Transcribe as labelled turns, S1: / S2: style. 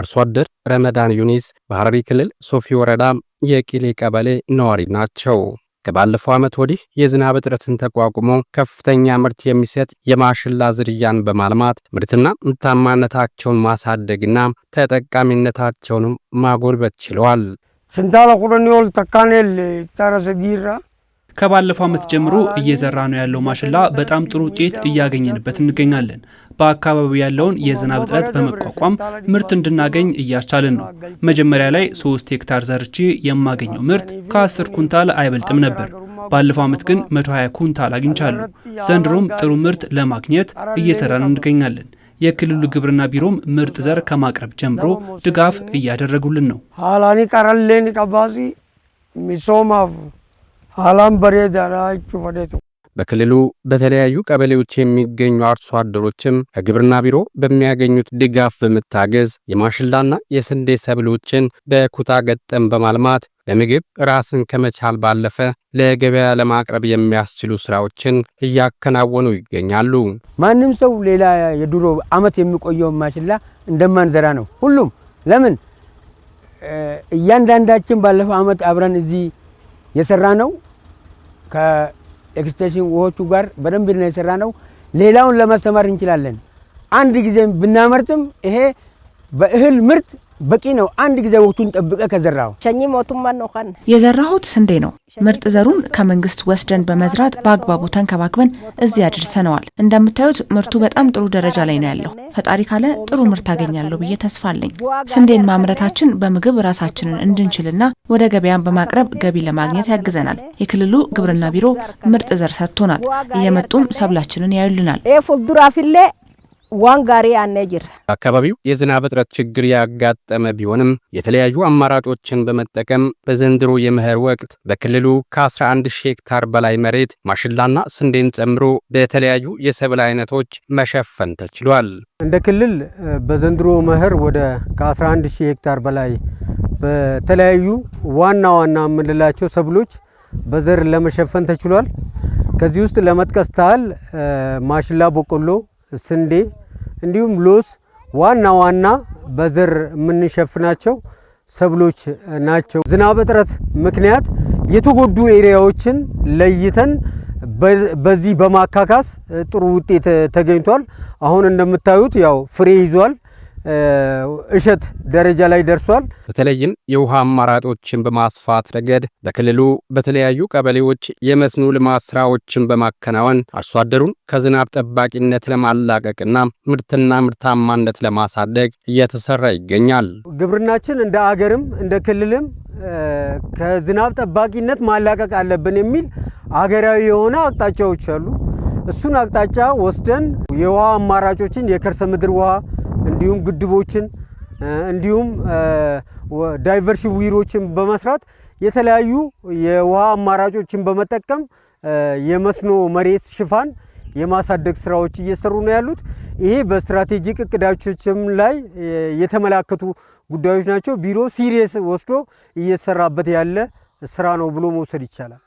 S1: አርሶ አደር ረመዳን ዩኒስ በሐረሪ ክልል ሶፊ ወረዳ የቂሌ ቀበሌ ነዋሪ ናቸው። ከባለፈው ዓመት ወዲህ የዝናብ እጥረትን ተቋቁሞ ከፍተኛ ምርት የሚሰጥ የማሽላ ዝርያን በማልማት ምርትና ምርታማነታቸውን ማሳደግና ተጠቃሚነታቸውንም ማጎልበት ችለዋል።
S2: ስንታለ ቁረኒዮል ተካኔል ታረሰጊራ
S1: ከባለፈው ዓመት ጀምሮ እየዘራ ነው ያለው ማሽላ በጣም ጥሩ ውጤት እያገኘንበት እንገኛለን። በአካባቢው ያለውን የዝናብ እጥረት በመቋቋም ምርት እንድናገኝ እያስቻልን ነው። መጀመሪያ ላይ ሶስት ሄክታር ዘርቼ የማገኘው ምርት ከአስር ኩንታል አይበልጥም ነበር። ባለፈው ዓመት ግን 120 ኩንታል አግኝቻለሁ። ዘንድሮም ጥሩ ምርት ለማግኘት እየሰራን እንገኛለን። የክልሉ ግብርና ቢሮም ምርጥ ዘር ከማቅረብ ጀምሮ ድጋፍ እያደረጉልን ነው።
S2: አላምበሬ ዳናችሁ ወደቱ
S1: በክልሉ በተለያዩ ቀበሌዎች የሚገኙ አርሶ አደሮችም ከግብርና ቢሮ በሚያገኙት ድጋፍ በመታገዝ የማሽላና የስንዴ ሰብሎችን በኩታ ገጠም በማልማት ለምግብ ራስን ከመቻል ባለፈ ለገበያ ለማቅረብ የሚያስችሉ ስራዎችን እያከናወኑ ይገኛሉ።
S2: ማንም ሰው ሌላ የድሮ አመት የሚቆየውን ማሽላ እንደማንዘራ ነው። ሁሉም ለምን እያንዳንዳችን ባለፈው አመት አብረን እዚህ የሰራ ነው። ከኤክስቴንሽን ውሆቹ ጋር በደንብ ነው የሰራ ነው። ሌላውን ለማስተማር እንችላለን። አንድ ጊዜ ብናመርትም ይሄ በእህል ምርት በቂ ነው። አንድ ጊዜ ወቅቱን ጠብቀ ከዘራው
S3: ሸኝ ነው
S1: የዘራሁት ስንዴ ነው። ምርጥ ዘሩን ከመንግስት ወስደን በመዝራት በአግባቡ ተንከባክበን እዚህ አድርሰነዋል። እንደምታዩት ምርቱ በጣም ጥሩ ደረጃ ላይ ነው ያለው። ፈጣሪ ካለ ጥሩ ምርት አገኛለሁ ብዬ ተስፋ አለኝ። ስንዴን ማምረታችን በምግብ ራሳችንን እንድንችልና ወደ ገበያን በማቅረብ ገቢ ለማግኘት ያግዘናል። የክልሉ ግብርና ቢሮ ምርጥ ዘር ሰጥቶናል። እየመጡም ሰብላችንን ያዩልናል።
S2: ዋንጋሪ አነጅር
S1: አካባቢው የዝናብ እጥረት ችግር ያጋጠመ ቢሆንም የተለያዩ አማራጮችን በመጠቀም በዘንድሮ የመኸር ወቅት በክልሉ ከ11 ሺህ ሄክታር በላይ መሬት ማሽላና ስንዴን ጨምሮ በተለያዩ የሰብል አይነቶች መሸፈን ተችሏል።
S2: እንደ ክልል በዘንድሮ መኸር ወደ ከ11 ሺህ ሄክታር በላይ በተለያዩ ዋና ዋና የምንላቸው ሰብሎች በዘር ለመሸፈን ተችሏል። ከዚህ ውስጥ ለመጥቀስ ታህል ማሽላ፣ በቆሎ፣ ስንዴ እንዲሁም ሎስ ዋና ዋና በዘር የምንሸፍናቸው ሰብሎች ናቸው። ዝናብ እጥረት ምክንያት የተጎዱ ኤሪያዎችን ለይተን በዚህ በማካካስ ጥሩ ውጤት ተገኝቷል። አሁን እንደምታዩት ያው ፍሬ ይዟል። እሸት ደረጃ ላይ ደርሷል።
S1: በተለይም የውሃ አማራጮችን በማስፋት ረገድ በክልሉ በተለያዩ ቀበሌዎች የመስኖ ልማት ስራዎችን በማከናወን አርሶ አደሩን ከዝናብ ጠባቂነት ለማላቀቅና ምርትና ምርታማነት ለማሳደግ እየተሰራ ይገኛል።
S2: ግብርናችን እንደ አገርም እንደ ክልልም ከዝናብ ጠባቂነት ማላቀቅ አለብን የሚል አገራዊ የሆነ አቅጣጫዎች አሉ። እሱን አቅጣጫ ወስደን የውሃ አማራጮችን የከርሰ ምድር ውሃ እንዲሁም ግድቦችን እንዲሁም ዳይቨርሲ ዊሮችን በመስራት የተለያዩ የውሃ አማራጮችን በመጠቀም የመስኖ መሬት ሽፋን የማሳደግ ስራዎች እየሰሩ ነው ያሉት። ይሄ በስትራቴጂክ እቅዳችንም ላይ የተመላከቱ ጉዳዮች ናቸው። ቢሮ ሲሪየስ ወስዶ እየተሰራበት ያለ ስራ ነው ብሎ መውሰድ ይቻላል።